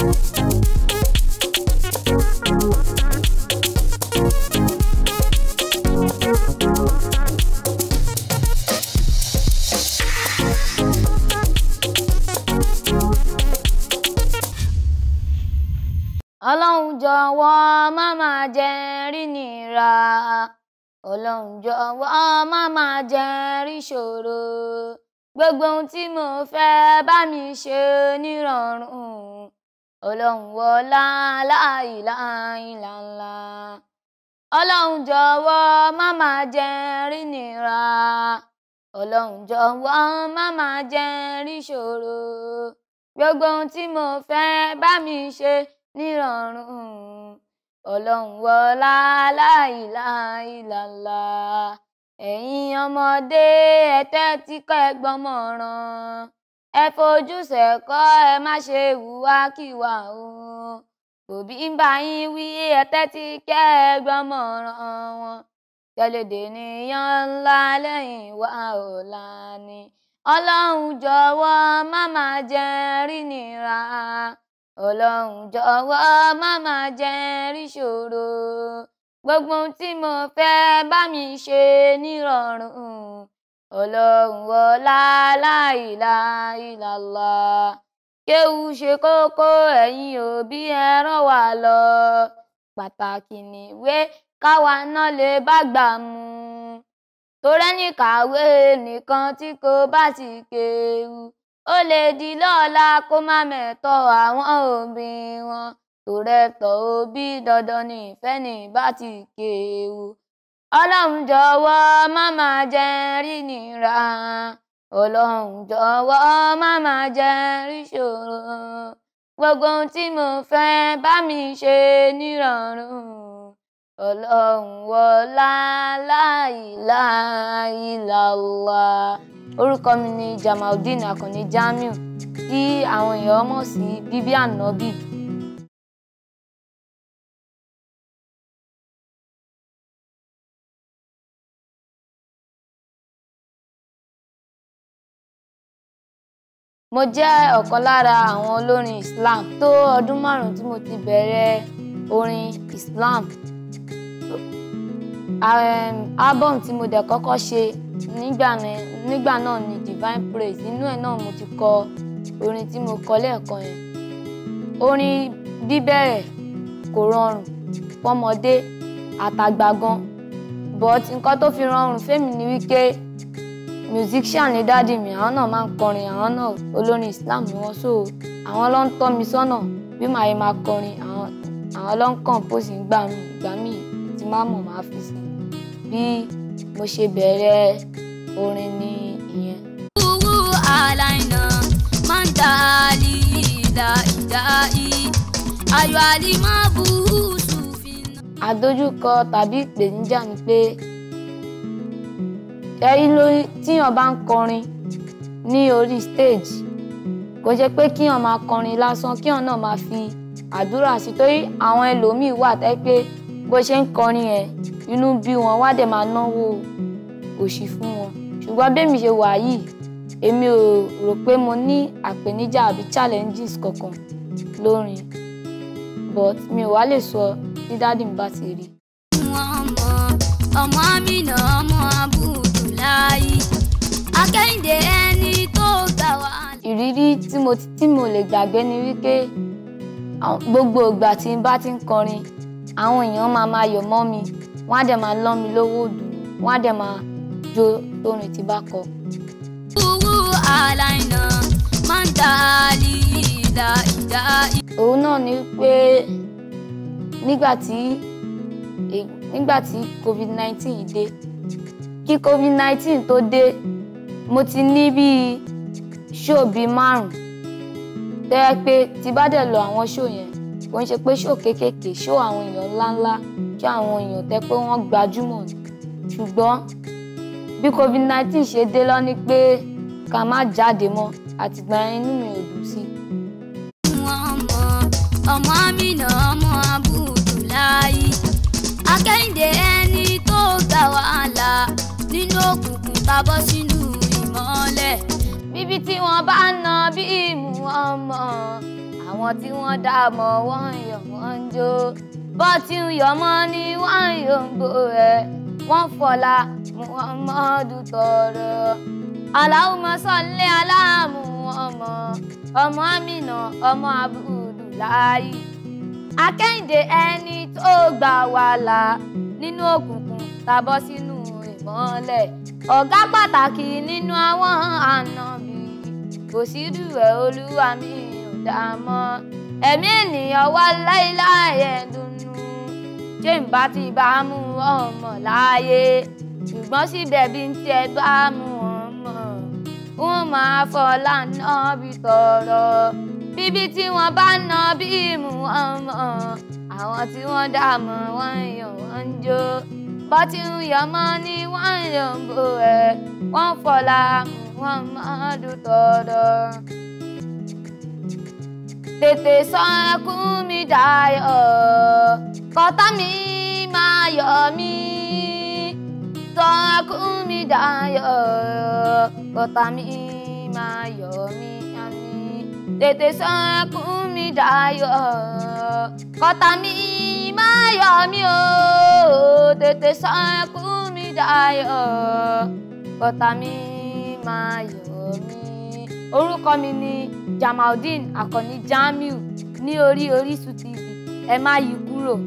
ọlọ́run jọ̀wọ́ má máa jẹ́ rí nira ọlọ́run jọ̀wọ́ má máa jẹ́ rí ṣòro gbogbo ohun tí mo fẹ́ bá mi ṣe nírọ̀rùn ọlọ́run wọlá láìláìláńlá ọlọ́run jọ̀wọ́ má máa jẹ́ rí nira ọlọ́run jọ̀wọ́ má máa jẹ́ rí ṣòro gbogbo ohun tí mo fẹ́ bá mi ṣe nírọ̀rùn ọlọ́run wọlá láìláìláńlá ẹ̀yin ọmọdé ẹ tẹ́tí kẹ́ gbọ́mọ̀ràn ẹ fojúṣe kọ́ ẹ má ṣe hùwà kíwà o òbí ń bá yín wí ẹ tẹ́tí kẹ́ ẹ gbọ́mọ̀ràn wọn tẹ̀lédè nìyàn ńlá lẹ́yìn wá ọ̀la ni ọlọ́run jọ̀wọ́ má má jẹ́ rí nira ọlọ́run jọ̀wọ́ má má jẹ́ rí ṣòro gbogbo tí mo fẹ́ bá mi ṣe nírọ̀rùn ọlọ́run ọlá láìlá ìlàlá kéwu ṣe kókó ẹ̀yin òbí ẹ ràn wá lọ pàtàkì nìwé káwa náà lè bá gbà mu torẹ́ni kàwé nìkan tí kò bá ti kéwu ó lè di lọ́la kó má mẹ́tọ́ àwọn òbí wọn tòrẹ́tọ̀ òbí dandan ní ní bá ti kéwu ọlọ́run jọ̀wọ́ má máa jẹ́ rí nira ọlọ́run jọ̀wọ́ má máa jẹ́ rí ṣòro gbogbo ohun tí mo fẹ́ bá mi ṣe nírọ̀rùn ọlọ́run wọlá láìláìláwà orúkọ mi ni Jamaldeen Akànnì Jamiu tí àwọn èèyàn mọ̀ sí bíbí ànábì mo jẹ́ ọ̀kan lára àwọn olórin Islam tó ọdún márùn-ún tí mo ti bẹ̀rẹ̀ orin Islam album tí mo dẹ̀ kọ́kọ́ ṣe nígbà náà ni Divine Praise inú ẹ̀ náà mo ti kọ orin tí mo kọ lẹ́ẹ̀kan yẹn orin bíbẹ̀rẹ̀ kò rọrùn fọmọdé àtàgbà but nǹkan tó fi rọrùn fẹ́mi ni wípé musician ni dáàdì mi àwọn náà máa ń kọrin àwọn náà olórin Islam ni wọ́n so àwọn ló ń tọ́ mi sọ́nà bí màá yẹ máa kọrin àwọn àwọn ló ń compose ìgbà mi ìgbà mi tí má mọ̀ máa fi sí bí mo ṣe bẹ̀rẹ̀ orin ni ìyẹn. owó àlàyé máa ń ta àlè ìdá ìdá yìí ayọ̀ àlè máa bù ú sùn fìlà. àdójúkọ tàbí ìpèníjà ni pé ẹ̀rí lórí tíyàn bá ń kọrin ní orí stage kò jẹ́ pé kíyàn máa kọrin lásán kíyàn náà máa fi àdúrà sí torí àwọn ẹlòmíì wà tẹ́ pé bó ṣe ń kọrin yẹn inú bí wọn wá dẹ̀ máa náwó òṣì fún wọn ṣùgbọ́n bẹ́ẹ̀ mi ṣe wà yìí èmi ò rò pé mo ní àpèníjà àbí challenges kankan lórin but mi ò wá lè sọ tí dádì mi bá ti rí. ọmọ mi náà ọmọ abọ́. tí mo tí mo lè gbàgbé ni wípé gbogbo ìgbà tí n bá ti ń kọrin àwọn èèyàn máa máa yọ̀ mọ́ mi wọ́n á dẹ̀ máa lọ́ mi lówó dùn wọ́n á dẹ̀ máa jó lórin tí bá kọ. owó àlàyé máa ń ta ìdá ìdá. òun náà ni pé nígbà tí nígbà tí covid nineteen dé kí covid nineteen tó dé mo ti ní bíi ṣóò bíi márùn tó yẹ pé tí bá dẹ̀ lọ àwọn ṣóò yẹn kò ń ṣe pé ṣóò kéékèèké ṣóò àwọn èèyàn ńláńlá ṣó àwọn èèyàn tẹ́ pé wọ́n gbajúmọ̀ ṣùgbọ́n bí covid-19 ṣe dé lọ ni pé ká má jáde mọ́ àtìgbà yẹn inú mi ò sí. ọmọ mi nà ọmọ abudulayi akẹ́hìndé ẹni tó gbà wàhálà nínú òkùnkùn tá a bọ́ sínú. mọ̀ àwọn tí wọ́n dá mọ̀ wọ́n ń yọ̀ wọ́n ń jó bọ́ tí ń yọ̀ mọ́ ni wọ́n ń yọ̀ ń gbò ẹ̀ wọ́n fọlá Muhammadu tọrọ. Allahumma salli ala Muhammad ọmọ Amina ọmọ Abdullahi Akẹ́hìndé ẹni tó gbà wá là nínú òkùnkùn tá bọ́ sínú ìmọ́lẹ̀ ọ̀gá pàtàkì nínú àwọn àna kò sírúwẹ̀ olúwa mi ò dá mọ́ ẹ̀mí ènìyàn wá láéláé ẹ̀dùnnú ṣé n bá ti bá mú ọmọ láàyè ṣùgbọ́n síbẹ̀ bí n tiẹ̀ bá mú ọmọ wọn máa fọlá náà bí tọrọ bíbí tí wọ́n bá ná bí mú ọmọ àwọn tí wọ́n dá mọ́ wọ́n yàn wọ́n ń jó bó ń yọmọ ni wọ́n yàn bò ẹ̀ wọ́n fọlá mú. Muhammadu tọ̀dọ̀. Tètè sọ ẹkún mi dayọ̀, kọ́tà Fáyọ̀mí. Orúkọ mi ni Jamaldeen Àkànní Jamiu ní orí Orísun TV. Ẹ má yí kúrò.